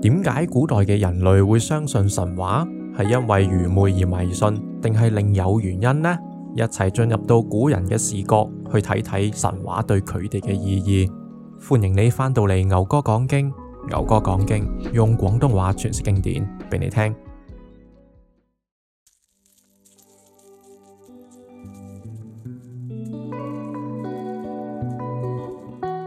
點解古代嘅人類會相信神話？係因為愚昧而迷信，定係另有原因呢？一齊進入到古人嘅視角去睇睇神話對佢哋嘅意義。歡迎你翻到嚟牛哥講經，牛哥講經用廣東話詮釋經典俾你聽。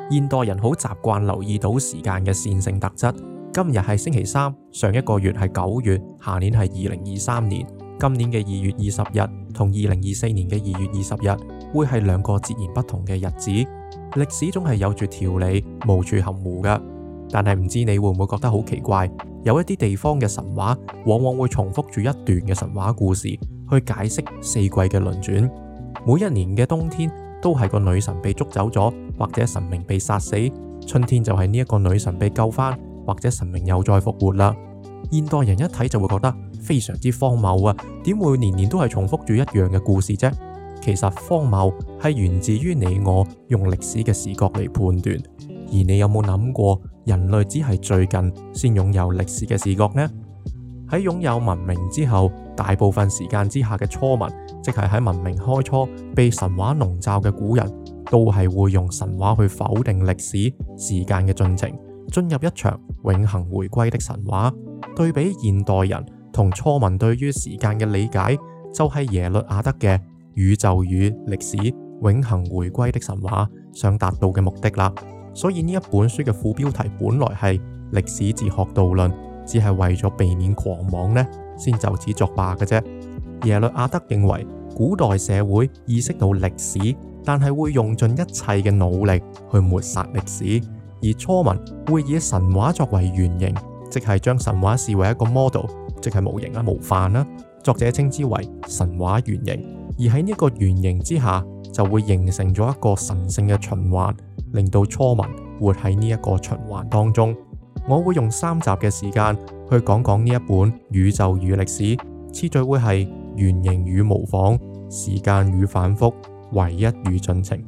現代人好習慣留意到時間嘅線性特質。今日係星期三，上一個月係九月，下年係二零二三年。今年嘅二月二十日同二零二四年嘅二月二十日會係兩個截然不同嘅日子。歷史總係有住條理，無處含糊嘅。但係唔知你會唔會覺得好奇怪？有一啲地方嘅神話往往會重複住一段嘅神話故事，去解釋四季嘅輪轉。每一年嘅冬天都係個女神被捉走咗，或者神明被殺死，春天就係呢一個女神被救返。或者神明又再復活啦！現代人一睇就會覺得非常之荒謬啊！點會年年都係重複住一樣嘅故事啫？其實荒謬係源自於你我用歷史嘅視角嚟判斷，而你有冇諗過人類只係最近先擁有歷史嘅視角呢？喺擁有文明之後，大部分時間之下嘅初民，即係喺文明開初、被神話籠罩嘅古人，都係會用神話去否定歷史時間嘅進程。進入一場永恒回歸的神話，對比現代人同初民對於時間嘅理解，就係、是、耶律亞德嘅宇宙與歷史永恒回歸的神話想達到嘅目的啦。所以呢一本書嘅副標題本來係歷史哲學導論，只係為咗避免狂妄呢，先就此作罷嘅啫。耶律亞德認為古代社會意識到歷史，但係會用盡一切嘅努力去抹殺歷史。而初民會以神話作為原型，即係將神話視為一個 model，即係模型啊、模範啦。作者稱之為神話原型。而喺呢個原型之下，就會形成咗一個神聖嘅循環，令到初民活喺呢一個循環當中。我會用三集嘅時間去講講呢一本《宇宙與歷史》，次序會係原型與模仿、時間與反復、唯一與進程。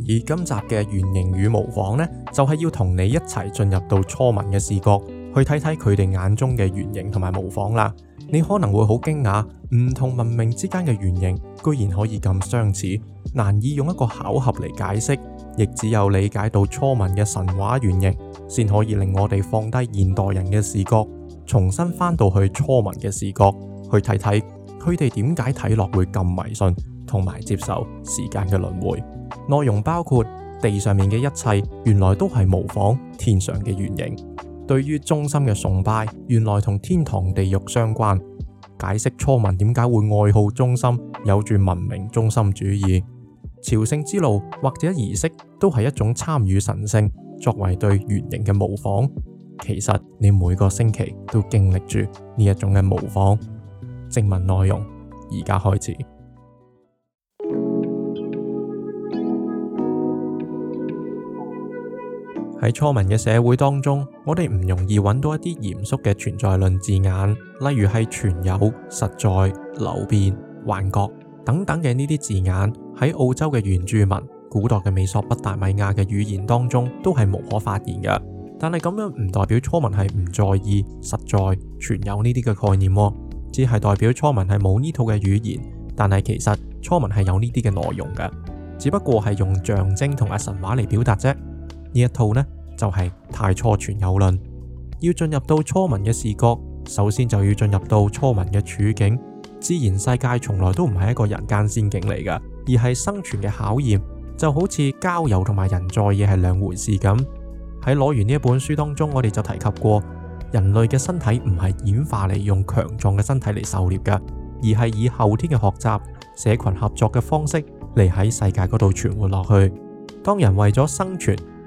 而今集嘅原型與模仿呢，就係、是、要同你一齊進入到初民嘅視角，去睇睇佢哋眼中嘅原型同埋模仿啦。你可能會好驚訝，唔同文明之間嘅原型居然可以咁相似，難以用一個巧合嚟解釋，亦只有理解到初民嘅神話原型，先可以令我哋放低現代人嘅視角，重新返到去初民嘅視角去睇睇佢哋點解睇落會咁迷信同埋接受時間嘅輪迴。內容包括，地上面嘅一切原來都係模仿天上嘅原型，對於中心嘅崇拜原來同天堂地獄相關。解釋初民點解會愛好中心，有住文明中心主義。朝聖之路或者儀式都係一種參與神聖，作為對原型嘅模仿。其實你每個星期都經歷住呢一種嘅模仿。正文內容而家開始。喺初民嘅社會當中，我哋唔容易揾到一啲嚴肅嘅存在論字眼，例如係存有、實在、流變、幻覺等等嘅呢啲字眼，喺澳洲嘅原住民、古代嘅美索不達米亞嘅語言當中都係無可發現嘅。但係咁樣唔代表初民係唔在意實在、存有呢啲嘅概念喎，只係代表初民係冇呢套嘅語言。但係其實初民係有呢啲嘅內容嘅，只不過係用象徵同阿神話嚟表達啫。呢一套呢，就係、是、太初傳有論，要進入到初民嘅視角，首先就要進入到初民嘅處境。自然世界從來都唔係一個人間仙境嚟噶，而係生存嘅考驗。就好似交友同埋人在嘢係兩回事咁。喺攞完呢一本書當中，我哋就提及過，人類嘅身體唔係演化嚟用強壯嘅身體嚟狩獵噶，而係以後天嘅學習、社群合作嘅方式嚟喺世界嗰度存活落去。當人為咗生存。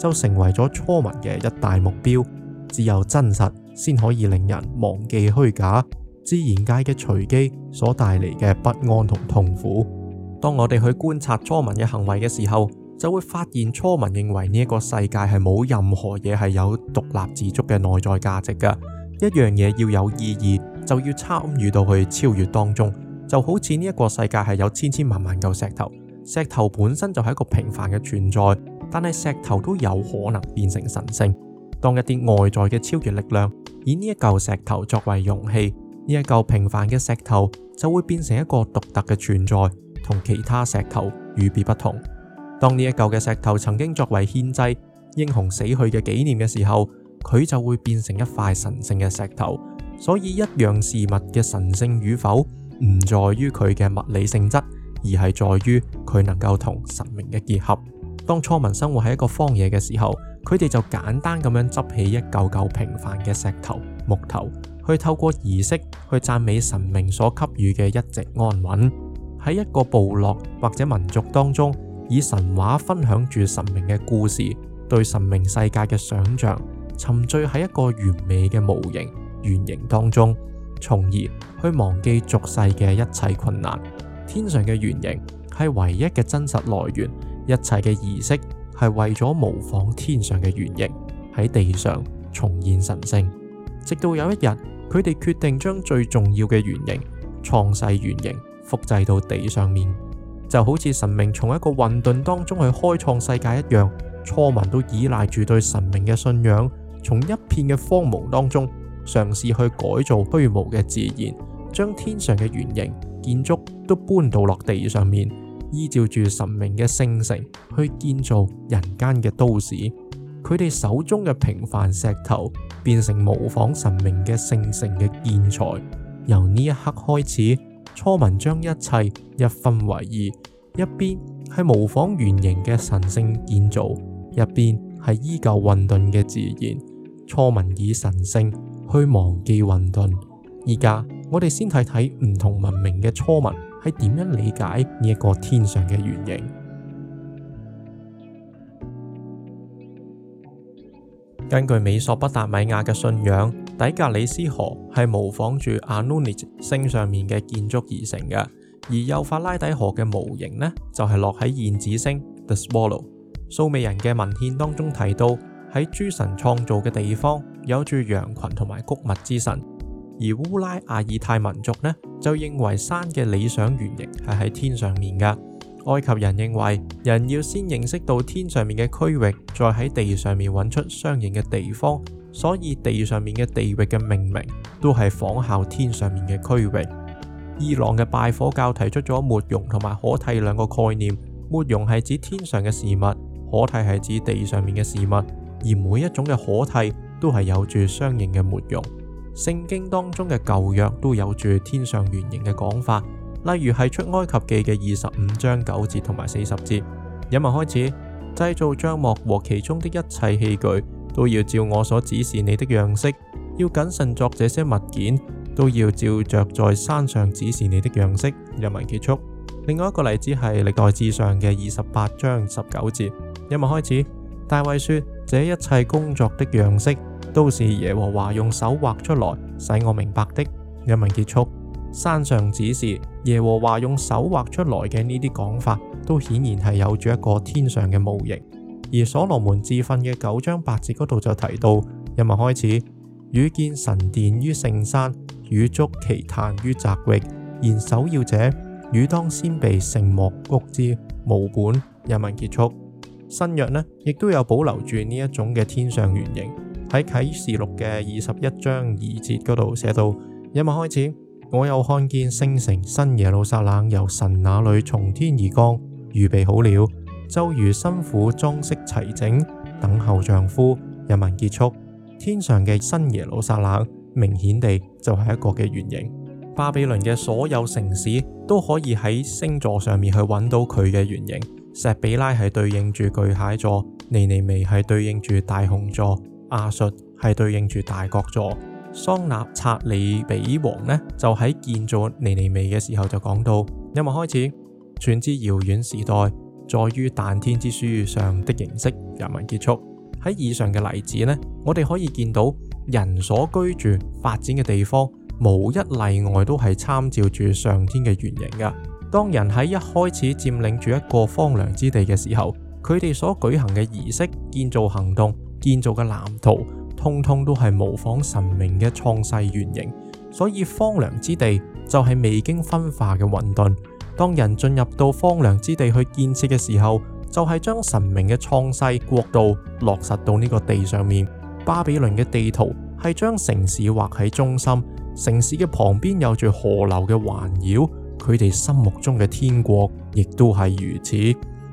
就成為咗初民嘅一大目標。只有真實，先可以令人忘記虛假，自然界嘅隨機所帶嚟嘅不安同痛苦。當我哋去觀察初民嘅行為嘅時候，就會發現初民認為呢一個世界係冇任何嘢係有獨立自足嘅內在價值嘅。一樣嘢要有意義，就要參與到去超越當中。就好似呢一個世界係有千千萬萬嚿石頭，石頭本身就係一個平凡嘅存在。但係石頭都有可能變成神聖。當一啲外在嘅超越力量以呢一嚿石頭作為容器，呢一嚿平凡嘅石頭就會變成一個獨特嘅存在，同其他石頭與別不同。當呢一嚿嘅石頭曾經作為獻祭英雄死去嘅紀念嘅時候，佢就會變成一塊神聖嘅石頭。所以一樣事物嘅神聖與否唔在於佢嘅物理性質，而係在於佢能夠同神明嘅結合。當初民生活喺一個荒野嘅時候，佢哋就簡單咁樣執起一嚿嚿平凡嘅石頭、木頭，去透過儀式去讚美神明所給予嘅一直安穩。喺一個部落或者民族當中，以神話分享住神明嘅故事，對神明世界嘅想象，沉醉喺一個完美嘅模型、原型當中，從而去忘記俗世嘅一切困難。天上嘅原型係唯一嘅真實來源。一切嘅儀式係為咗模仿天上嘅原型，喺地上重現神聖。直到有一日，佢哋決定將最重要嘅原型，創世原型複製到地上面，就好似神明從一個混沌當中去開創世界一樣。初民都依賴住對神明嘅信仰，從一片嘅荒蕪當中嘗試去改造虛無嘅自然，將天上嘅原型建築都搬到落地上面。依照住神明嘅聖城去建造人間嘅都市，佢哋手中嘅平凡石頭變成模仿神明嘅聖城嘅建材。由呢一刻開始，初民將一切一分為二，一邊係模仿原型嘅神聖建造，一邊係依舊混沌嘅自然。初民以神聖去忘記混沌。而家我哋先睇睇，唔同文明嘅初民，係點樣理解呢一個天上嘅原型？根據美索不達米亞嘅信仰，底格里斯河係模仿住阿努尼星上面嘅建築而成嘅，而幼發拉底河嘅模型呢，就係、是、落喺燕子星 The Swallow 蘇美人嘅文獻當中提到，喺諸神創造嘅地方有住羊群同埋穀物之神。而烏拉阿爾泰民族呢就認為山嘅理想原型係喺天上面㗎。埃及人認為人要先認識到天上面嘅區域，再喺地上面揾出相應嘅地方，所以地上面嘅地域嘅命名都係仿效天上面嘅區域。伊朗嘅拜火教提出咗「末容」同埋可替兩個概念，「末容」係指天上嘅事物，可替係指地上面嘅事物，而每一種嘅可替都係有住相應嘅「末容」。聖經當中嘅舊約都有住天上原型嘅講法，例如係出埃及記嘅二十五章九節同埋四十節。引文開始，製造帳幕和其中的一切器具，都要照我所指示你的樣式，要謹慎作這些物件，都要照着在山上指示你的樣式。引文結束。另外一個例子係歷代志上嘅二十八章十九節。引文開始，大衛說：，這一切工作的樣式。都是耶和華用手畫出來，使我明白的。引文結束，山上指示耶和華用手畫出來嘅呢啲講法，都顯然係有住一個天上嘅模型。而所羅門智訓嘅九章八節嗰度就提到，引文開始，與建神殿於聖山，與築其壇於宅域，然首要者，與當先備成莫谷之模本。引文結束，新約呢，亦都有保留住呢一種嘅天上原型。喺啟示錄嘅二十一章二節嗰度寫到：引文開始，我又看見聖城新耶路撒冷由神那裏從天而降，預備好了，就如新婦裝飾齊整，等候丈夫。引文結束，天上嘅新耶路撒冷明顯地就係一個嘅原型，巴比倫嘅所有城市都可以喺星座上面去搵到佢嘅原型。石比拉係對應住巨蟹座，尼尼微係對應住大熊座。阿術係對應住大角座，桑納察里比王呢就喺建造尼尼微嘅時候就講到：因為開始傳至遙遠時代，在於彈天之書上的形式，人民結束。喺以上嘅例子呢，我哋可以見到人所居住發展嘅地方，無一例外都係參照住上天嘅原型嘅。當人喺一開始佔領住一個荒涼之地嘅時候，佢哋所舉行嘅儀式、建造行動。建造嘅藍圖，通通都係模仿神明嘅創世原型，所以荒涼之地就係未經分化嘅混沌。當人進入到荒涼之地去建設嘅時候，就係將神明嘅創世國度落實到呢個地上面。巴比倫嘅地圖係將城市畫喺中心，城市嘅旁邊有住河流嘅環繞。佢哋心目中嘅天國亦都係如此。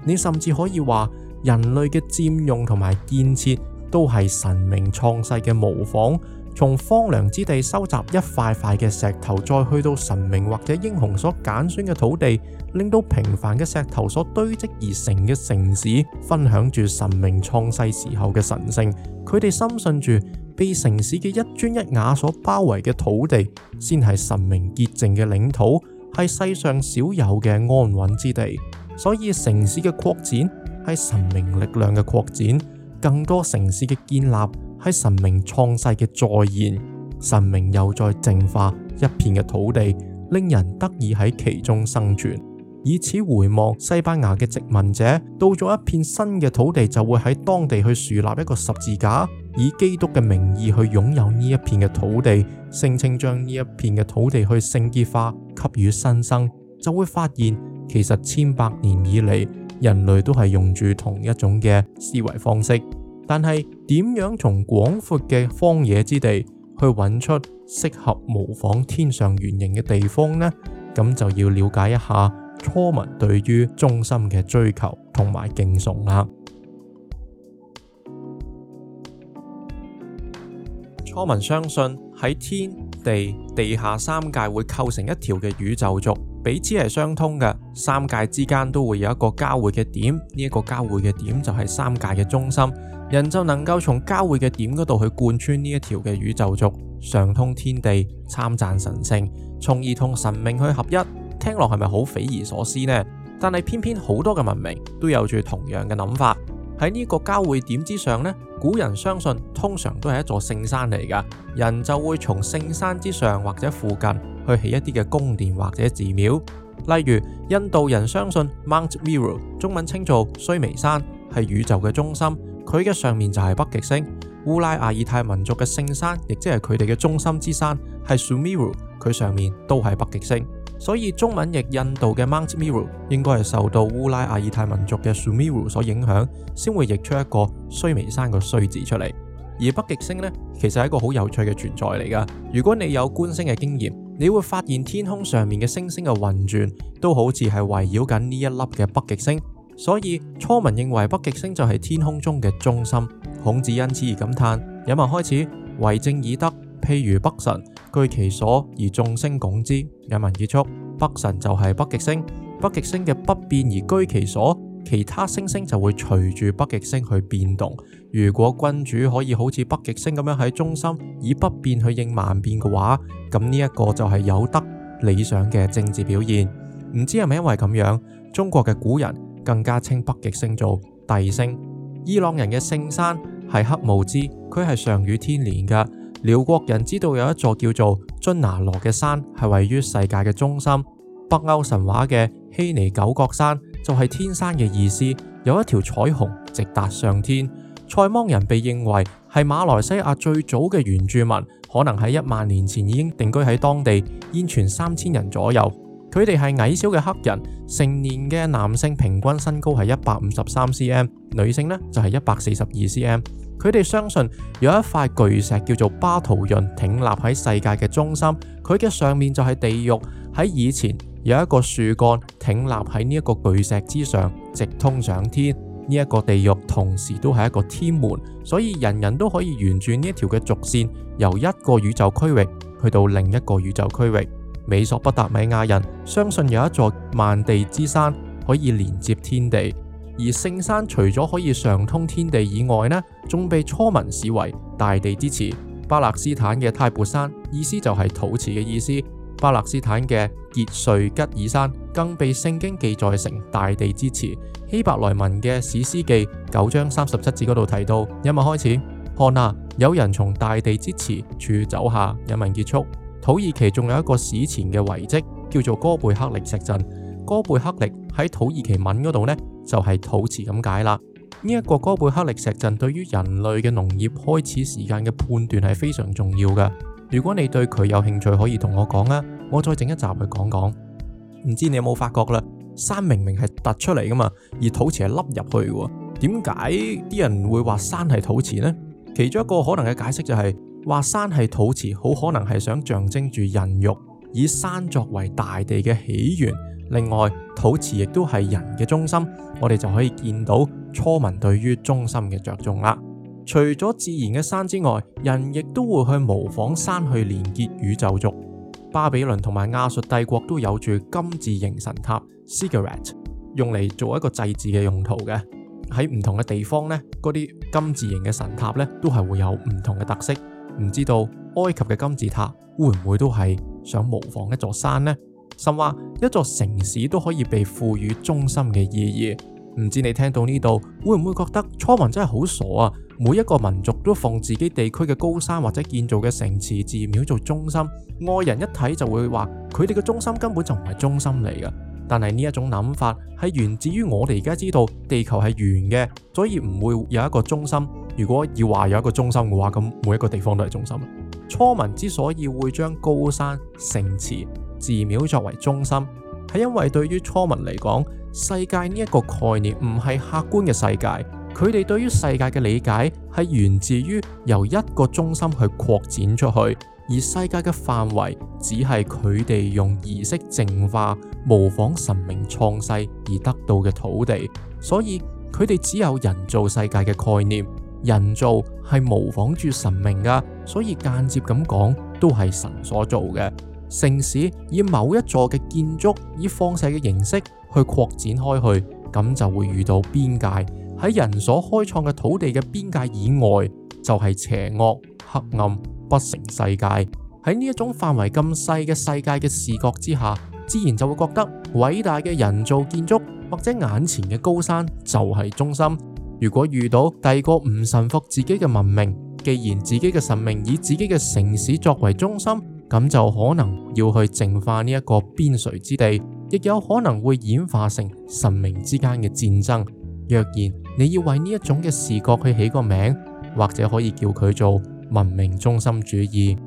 你甚至可以話人類嘅佔用同埋建設，都係神明創世嘅模仿，從荒涼之地收集一塊塊嘅石頭，再去到神明或者英雄所揀選嘅土地，令到平凡嘅石頭所堆積而成嘅城市，分享住神明創世時候嘅神聖。佢哋深信住被城市嘅一磚一瓦所包圍嘅土地，先係神明潔淨嘅領土，係世上少有嘅安穩之地。所以城市嘅擴展，係神明力量嘅擴展。更多城市嘅建立喺神明創世嘅再現，神明又再淨化一片嘅土地，令人得以喺其中生存。以此回望西班牙嘅殖民者，到咗一片新嘅土地，就會喺當地去樹立一個十字架，以基督嘅名義去擁有呢一片嘅土地，聲稱將呢一片嘅土地去聖潔化，給予新生，就會發現其實千百年以嚟。人類都係用住同一種嘅思維方式，但係點樣從廣闊嘅荒野之地去揾出適合模仿天上原型嘅地方呢？咁就要了解一下初民對於中心嘅追求同埋敬崇啦。初民相信喺天地、地下三界會構成一條嘅宇宙軸，彼此係相通嘅。三界之間都會有一個交匯嘅點，呢一個交匯嘅點就係三界嘅中心，人就能夠從交匯嘅點嗰度去貫穿呢一條嘅宇宙軸，上通天地，參讚神聖，從而同神明去合一。聽落係咪好匪夷所思呢？但係偏偏好多嘅文明都有住同樣嘅諗法。喺呢個交匯點之上呢，古人相信通常都係一座聖山嚟㗎，人就會從聖山之上或者附近去起一啲嘅宮殿或者寺廟。例如印度人相信 Mount Meru，中文稱做須彌山，係宇宙嘅中心，佢嘅上面就係北極星。烏拉阿爾泰民族嘅聖山亦即係佢哋嘅中心之山，係 Sumiru，佢上面都係北極星。所以中文譯印度嘅 Mount Meru 應該係受到烏拉阿爾泰民族嘅 Sumiru 所影響，先會譯出一個須彌山個「須」字出嚟。而北極星呢，其實係一個好有趣嘅存在嚟噶。如果你有觀星嘅經驗，你會發現天空上面嘅星星嘅運轉都好似係圍繞緊呢一粒嘅北極星。所以初民認為北極星就係天空中嘅中心。孔子因此而感嘆：引文開始為政以德，譬如北辰。居其所而眾星拱之。引文結束，北辰就係北極星。北極星嘅不變而居其所，其他星星就會隨住北極星去變動。如果君主可以好似北極星咁樣喺中心以不變去應萬變嘅話，咁呢一個就係有德理想嘅政治表現。唔知係咪因為咁樣，中國嘅古人更加稱北極星做帝星。伊朗人嘅聖山係黑烏茲，佢係上與天連噶。遼國人知道有一座叫做津拿羅嘅山，係位於世界嘅中心。北歐神話嘅希尼九角山就係天山嘅意思，有一條彩虹直達上天。塞芒人被認為係馬來西亞最早嘅原住民，可能喺一萬年前已經定居喺當地，現存三千人左右。佢哋係矮小嘅黑人，成年嘅男性平均身高係一百五十三 cm，女性呢就係一百四十二 cm。佢哋相信有一塊巨石叫做巴圖潤，挺立喺世界嘅中心。佢嘅上面就係地獄。喺以前有一個樹幹挺立喺呢一個巨石之上，直通上天。呢一個地獄同時都係一個天門，所以人人都可以沿住呢一條嘅軸線，由一個宇宙區域去到另一個宇宙區域。美索不達米亞人相信有一座萬地之山可以連接天地。而聖山除咗可以上通天地以外呢，仲被初民視為大地之臍。巴勒斯坦嘅泰伯山，意思就係土臍嘅意思。巴勒斯坦嘅杰瑞吉爾山，更被聖經記載成大地之臍。希伯來文嘅《士師記》九章三十七節嗰度提到：引文開始，看啊，有人從大地之臍處走下。引文結束。土耳其仲有一個史前嘅遺跡叫做哥貝克力石陣。哥貝克力喺土耳其文嗰度呢？就係肚臍，咁解啦。呢、這、一個哥貝克力石陣對於人類嘅農業開始時間嘅判斷係非常重要嘅。如果你對佢有興趣，可以同我講啊，我再整一集去講講。唔知你有冇發覺啦？山明明係凸出嚟噶嘛，而肚臍係凹入去。點解啲人會話山係肚臍呢？其中一個可能嘅解釋就係、是、話山係肚臍，好可能係想象徵住人肉，以山作為大地嘅起源。另外，土祠亦都係人嘅中心，我哋就可以見到初民對於中心嘅着重啦。除咗自然嘅山之外，人亦都會去模仿山去連結宇宙族。巴比倫同埋亞述帝國都有住金字形神塔 s g a r e t e 用嚟做一個祭祀嘅用途嘅。喺唔同嘅地方呢，嗰啲金字形嘅神塔呢，都係會有唔同嘅特色。唔知道埃及嘅金字塔會唔會都係想模仿一座山呢？甚至一座城市都可以被賦予中心嘅意義，唔知你聽到呢度會唔會覺得初民真係好傻啊？每一個民族都放自己地區嘅高山或者建造嘅城池、寺廟做中心，外人一睇就會話佢哋嘅中心根本就唔係中心嚟㗎。但係呢一種諗法係源自於我哋而家知道地球係圓嘅，所以唔會有一個中心。如果要話有一個中心嘅話，咁每一個地方都係中心。初民之所以會將高山、城池、寺廟作為中心，係因為對於初民嚟講，世界呢一個概念唔係客觀嘅世界，佢哋對於世界嘅理解係源自於由一個中心去擴展出去，而世界嘅範圍只係佢哋用儀式淨化、模仿神明創世而得到嘅土地，所以佢哋只有人造世界嘅概念，人造係模仿住神明㗎，所以間接咁講都係神所做嘅。城市以某一座嘅建築以放射嘅形式去擴展開去，咁就會遇到邊界。喺人所開創嘅土地嘅邊界以外，就係邪惡、黑暗、不成世界。喺呢一種範圍咁細嘅世界嘅視角之下，自然就會覺得偉大嘅人造建築或者眼前嘅高山就係中心。如果遇到第二個唔臣服自己嘅文明，既然自己嘅神明以自己嘅城市作為中心，咁就可能要去淨化呢一個邊陲之地，亦有可能會演化成神明之間嘅戰爭。若然你要為呢一種嘅視覺去起個名，或者可以叫佢做文明中心主義。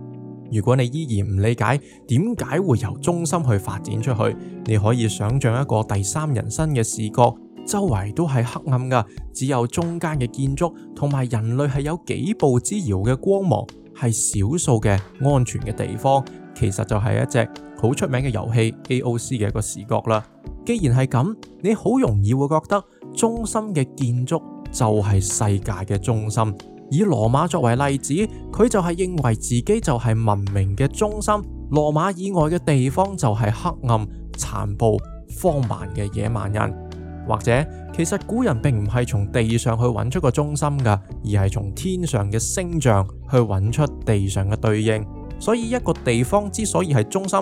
如果你依然唔理解點解會由中心去發展出去，你可以想象一個第三人身嘅視角，周圍都係黑暗㗎，只有中間嘅建築同埋人類係有幾步之遙嘅光芒。係少數嘅安全嘅地方，其實就係一隻好出名嘅遊戲 AOC 嘅一個視角啦。既然係咁，你好容易會覺得中心嘅建築就係世界嘅中心。以羅馬作為例子，佢就係認為自己就係文明嘅中心，羅馬以外嘅地方就係黑暗、殘暴、荒蠻嘅野蠻人。或者其實古人並唔係從地上去揾出個中心㗎，而係從天上嘅星象去揾出地上嘅對應。所以一個地方之所以係中心，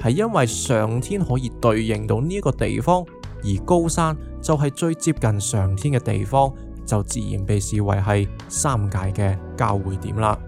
係因為上天可以對應到呢一個地方，而高山就係最接近上天嘅地方，就自然被視為係三界嘅交匯點啦。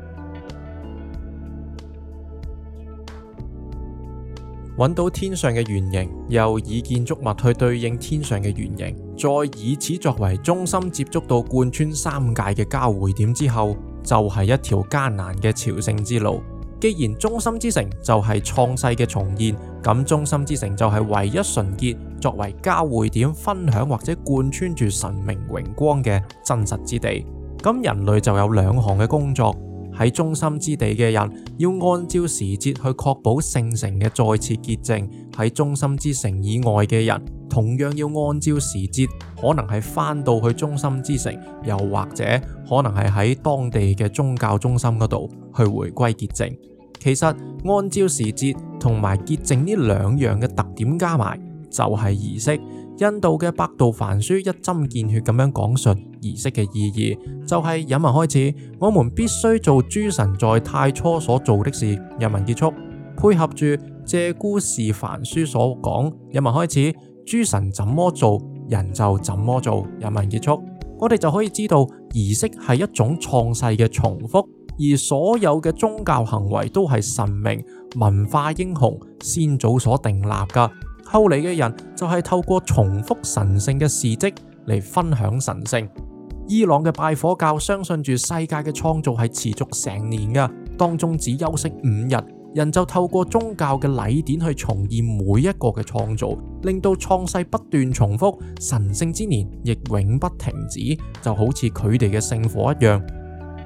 揾到天上嘅原型，又以建築物去對應天上嘅原型，再以此作為中心接觸到貫穿三界嘅交匯點之後，就係一條艱難嘅朝聖之路。既然中心之城就係創世嘅重現，咁中心之城就係唯一純潔，作為交匯點分享或者貫穿住神明榮光嘅真實之地，咁人類就有兩行嘅工作。喺中心之地嘅人要按照時節去確保聖城嘅再次潔淨；喺中心之城以外嘅人同樣要按照時節，可能係翻到去中心之城，又或者可能係喺當地嘅宗教中心嗰度去回歸潔淨。其實按照時節同埋潔淨呢兩樣嘅特點加埋，就係儀式。印度嘅《百道梵書》一針見血咁樣講述儀式嘅意義，就係、是、引文開始，我們必須做諸神在太初所做的事。引文結束，配合住《鷓鴣氏梵書》所講，引文開始，諸神怎麼做，人就怎麼做。引文結束，我哋就可以知道儀式係一種創世嘅重複，而所有嘅宗教行為都係神明、文化英雄、先祖所訂立㗎。偷你嘅人就係透過重複神聖嘅事蹟嚟分享神聖。伊朗嘅拜火教相信住世界嘅創造係持續成年嘅，當中只休息五日。人就透過宗教嘅禮典去重現每一個嘅創造，令到創世不斷重複，神聖之年亦永不停止，就好似佢哋嘅聖火一樣。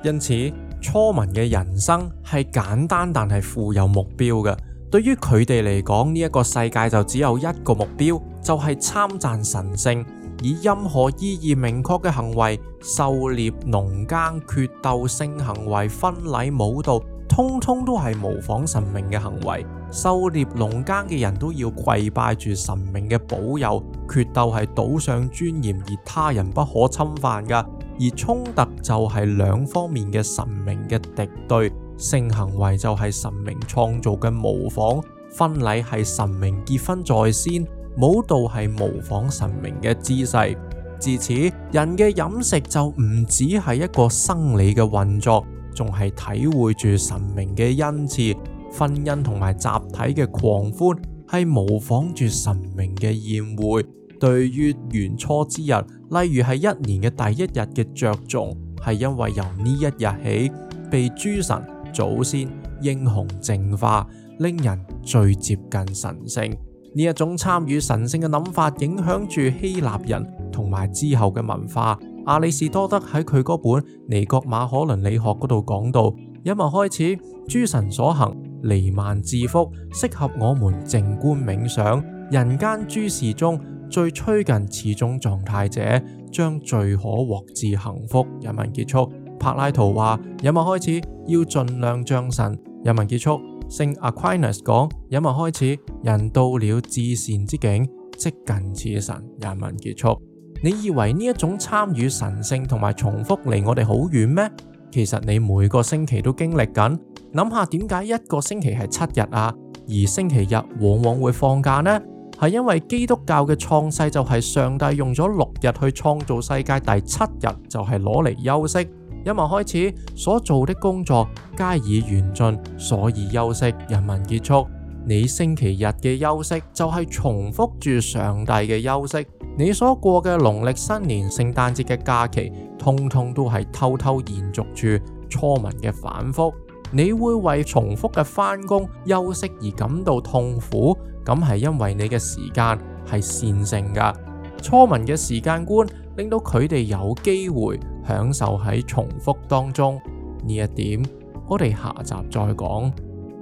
因此，初民嘅人生係簡單但係富有目標嘅。對於佢哋嚟講，呢、這、一個世界就只有一個目標，就係、是、參讚神聖。以任何意義明確嘅行為，狩獵、農耕、決鬥、性行為、婚禮、舞蹈，通通都係模仿神明嘅行為。狩獵、農耕嘅人都要跪拜住神明嘅保佑。決鬥係賭上尊嚴而他人不可侵犯㗎，而衝突就係兩方面嘅神明嘅敵對。性行為就係神明創造嘅模仿，婚禮係神明結婚在先，舞蹈係模仿神明嘅姿勢。自此，人嘅飲食就唔止係一個生理嘅運作，仲係體會住神明嘅恩賜。婚姻同埋集體嘅狂歡係模仿住神明嘅宴會。對於元初之日，例如係一年嘅第一日嘅着重，係因為由呢一日起被諸神，祖先英雄淨化，令人最接近神聖呢一種參與神聖嘅諗法，影響住希臘人同埋之後嘅文化。亞里士多德喺佢嗰本《尼各馬可倫理學》嗰度講到，引文開始，諸神所行，瀰漫至福，適合我們靜觀冥想。人間諸事中最趨近此種狀態者，將最可獲至幸福。引文結束。柏拉圖話：引文開始，要盡量像神，引文結束，聖阿奎納斯講，引文開始，人到了至善之境，即近似神，引文結束。你以為呢一種參與神聖同埋重複離我哋好遠咩？其實你每個星期都經歷緊。諗下點解一個星期係七日啊？而星期日往往會放假呢？係因為基督教嘅創世就係上帝用咗六日去創造世界，第七日就係攞嚟休息。因為開始所做的工作皆已完盡，所以休息。人民結束，你星期日嘅休息就係重複住上帝嘅休息。你所過嘅農曆新年、聖誕節嘅假期，通通都係偷偷延續住初民嘅反覆。你會為重複嘅返工休息而感到痛苦，咁係因為你嘅時間係線性㗎。初民嘅時間觀，令到佢哋有機會享受喺重複當中。呢一點，我哋下集再講。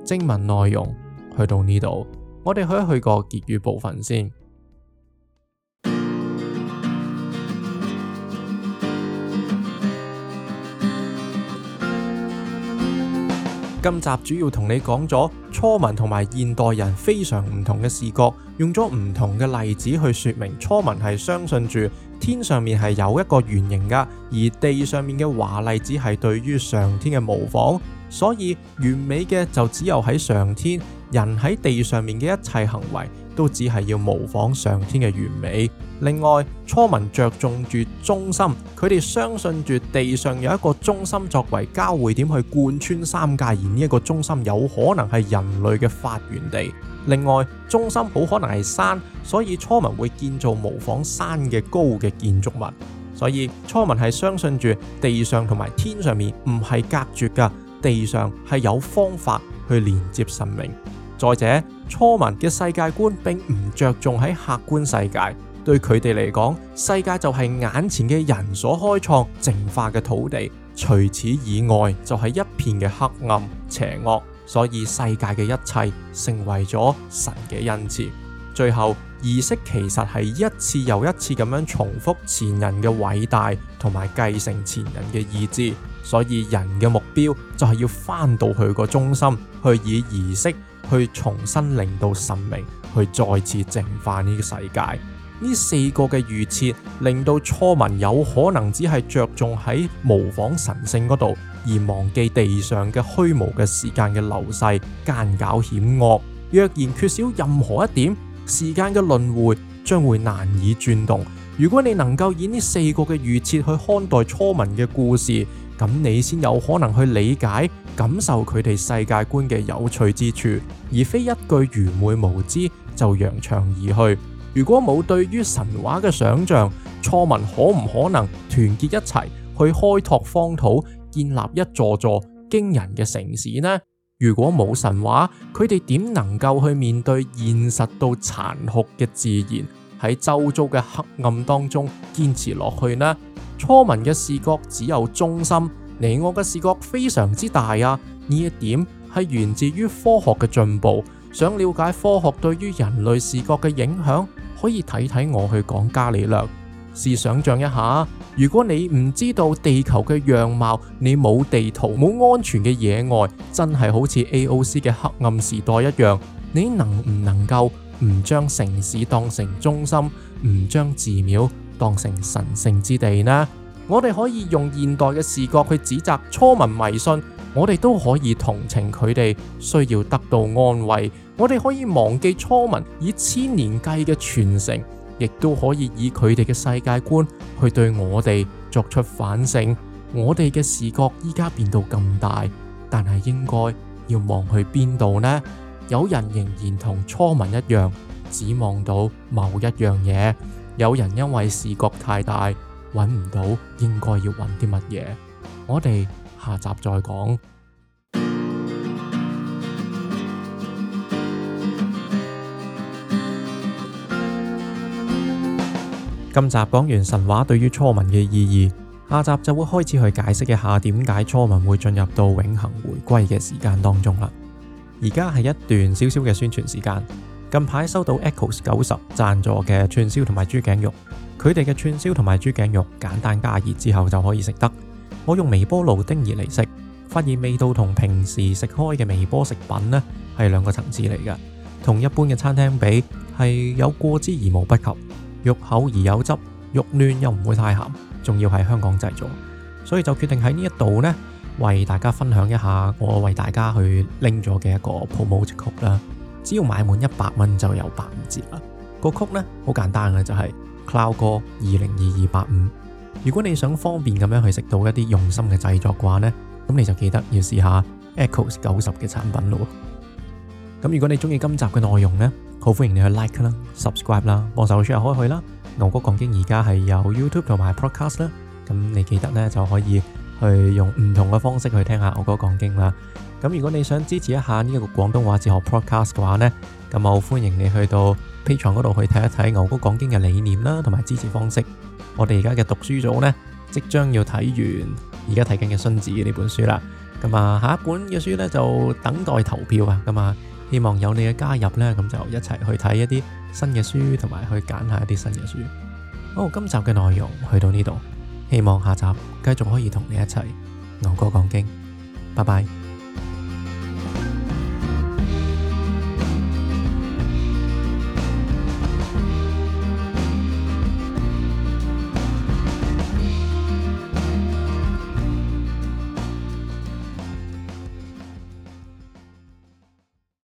正文內容去到呢度，我哋可以去個結語部分先。今集主要同你講咗。初民同埋現代人非常唔同嘅視角，用咗唔同嘅例子去説明，初民係相信住天上面係有一個原型㗎，而地上面嘅華麗只係對於上天嘅模仿，所以完美嘅就只有喺上天，人喺地上面嘅一切行為，都只係要模仿上天嘅完美。另外，初民着重住中心，佢哋相信住地上有一個中心作為交匯點去貫穿三界，而呢一個中心有可能係人類嘅發源地。另外，中心好可能係山，所以初民會建造模仿山嘅高嘅建築物。所以，初民係相信住地上同埋天上面唔係隔絕噶，地上係有方法去連接神明。再者，初民嘅世界觀並唔着重喺客觀世界，對佢哋嚟講，世界就係眼前嘅人所開創淨化嘅土地。除此以外，就係一片嘅黑暗邪惡。所以世界嘅一切成為咗神嘅恩賜。最後，儀式其實係一次又一次咁樣重複前人嘅偉大，同埋繼承前人嘅意志。所以人嘅目標就係要翻到去個中心，去以儀式。去重新令到神明去再次淨化呢個世界，呢四個嘅預設令到初民有可能只係着重喺模仿神聖嗰度，而忘記地上嘅虛無嘅時間嘅流逝、奸狡險惡。若然缺少任何一點，時間嘅輪迴將會難以轉動。如果你能夠以呢四個嘅預設去看待初民嘅故事，咁你先有可能去理解、感受佢哋世界觀嘅有趣之處，而非一句愚昧無知就揚長而去。如果冇對於神話嘅想象，初民可唔可能團結一齊去開拓荒土，建立一座座驚人嘅城市呢？如果冇神話，佢哋點能夠去面對現實到殘酷嘅自然，喺周遭嘅黑暗當中堅持落去呢？初民嘅視角只有中心，你我嘅視角非常之大啊！呢一點係源自於科學嘅進步。想了解科學對於人類視角嘅影響，可以睇睇我去講伽利略。試想象一下，如果你唔知道地球嘅樣貌，你冇地圖，冇安全嘅野外，真係好似 AOC 嘅黑暗時代一樣。你能唔能夠唔將城市當成中心，唔將寺廟當成神聖之地呢？我哋可以用現代嘅視角去指責初民迷信，我哋都可以同情佢哋需要得到安慰。我哋可以忘記初民以千年計嘅傳承，亦都可以以佢哋嘅世界觀去對我哋作出反省。我哋嘅視角依家變到咁大，但係應該要望去邊度呢？有人仍然同初民一樣，只望到某一樣嘢。有人因為視覺太大揾唔到，應該要揾啲乜嘢？我哋下集再講。今集講完神話對於初民嘅意義，下集就會開始去解釋一下點解初民會進入到永恆回歸嘅時間當中啦。而家係一段少少嘅宣傳時間。近排收到 Echoes 九十贊助嘅串燒同埋豬頸肉，佢哋嘅串燒同埋豬頸肉簡單加熱之後就可以食得。我用微波爐叮熱嚟食，發現味道同平時食開嘅微波食品呢係兩個層次嚟嘅，同一般嘅餐廳比係有過之而無不及。肉厚而有汁，肉嫩又唔會太鹹，仲要係香港製造，所以就決定喺呢一度呢，為大家分享一下我為大家去拎咗嘅一個 promotion 啦。只要買滿一百蚊就有八五折啦！個曲呢，好簡單嘅就係、是、Cloud 個二零二二八五。如果你想方便咁樣去食到一啲用心嘅製作嘅話呢，咁你就記得要試下 Echoes 九十嘅產品咯。咁如果你中意今集嘅內容呢，好歡迎你去 Like 啦、Subscribe 啦、幫手 share 開去啦。牛哥講經而家係有 YouTube 同埋 Podcast 啦，咁你記得呢就可以去用唔同嘅方式去聽下牛哥講經啦。咁如果你想支持一下呢一個廣東話哲學 Podcast 嘅話咧，咁我歡迎你去到 Patreon 嗰度去睇一睇牛哥講經嘅理念啦，同埋支持方式。我哋而家嘅讀書組咧，即將要睇完而家睇緊嘅《孫子》呢本書啦。咁啊，下一本嘅書咧就等待投票啊。咁啊，希望有你嘅加入咧，咁就一齊去睇一啲新嘅書，同埋去揀下一啲新嘅書。好，今集嘅內容去到呢度，希望下集繼續可以同你一齊牛哥講經。拜拜。